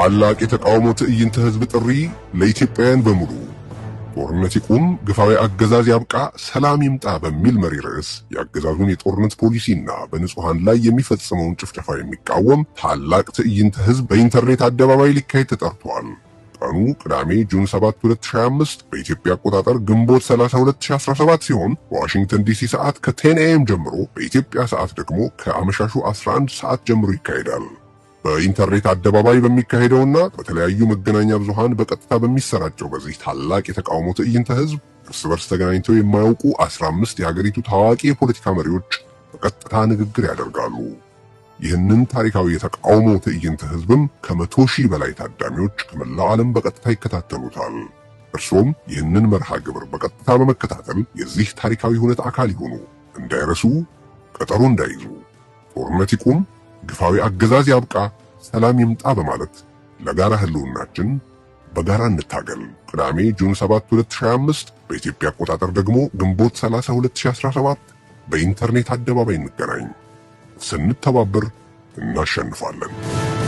ታላቅ የተቃውሞ ትዕይንተ ህዝብ ጥሪ ለኢትዮጵያውያን በሙሉ ጦርነት ይቁም፣ ግፋዊ አገዛዝ ያብቃ፣ ሰላም ይምጣ በሚል መሪ ርዕስ የአገዛዙን የጦርነት ፖሊሲና በንጹሐን ላይ የሚፈጽመውን ጭፍጨፋ የሚቃወም ታላቅ ትዕይንተ ህዝብ በኢንተርኔት አደባባይ ሊካሄድ ተጠርቷል። ቀኑ ቅዳሜ ጁን 7 2025 በኢትዮጵያ አቆጣጠር ግንቦት 30 2017 ሲሆን በዋሽንግተን ዲሲ ሰዓት ከ10 ኤም ጀምሮ በኢትዮጵያ ሰዓት ደግሞ ከአመሻሹ 11 ሰዓት ጀምሮ ይካሄዳል። በኢንተርኔት አደባባይ በሚካሄደውና በተለያዩ መገናኛ ብዙሃን በቀጥታ በሚሰራጨው በዚህ ታላቅ የተቃውሞ ትዕይንተ ህዝብ እርስ በርስ ተገናኝተው የማያውቁ 15 የሀገሪቱ ታዋቂ የፖለቲካ መሪዎች በቀጥታ ንግግር ያደርጋሉ። ይህንን ታሪካዊ የተቃውሞ ትዕይንተ ህዝብም ከመቶ ሺህ በላይ ታዳሚዎች ከመላው ዓለም በቀጥታ ይከታተሉታል። እርሶም ይህንን መርሃ ግብር በቀጥታ በመከታተል የዚህ ታሪካዊ ሁነት አካል ይሁኑ። እንዳይረሱ፣ ቀጠሮ እንዳይዙ፣ ጦርነት ይቁም ግፋዊ አገዛዝ ያብቃ፣ ሰላም ይምጣ በማለት ለጋራ ህልውናችን በጋራ እንታገል። ቅዳሜ ጁን 7 2025 በኢትዮጵያ አቆጣጠር ደግሞ ግንቦት 30 2017 በኢንተርኔት አደባባይ እንገናኝ። ስንተባበር እናሸንፋለን።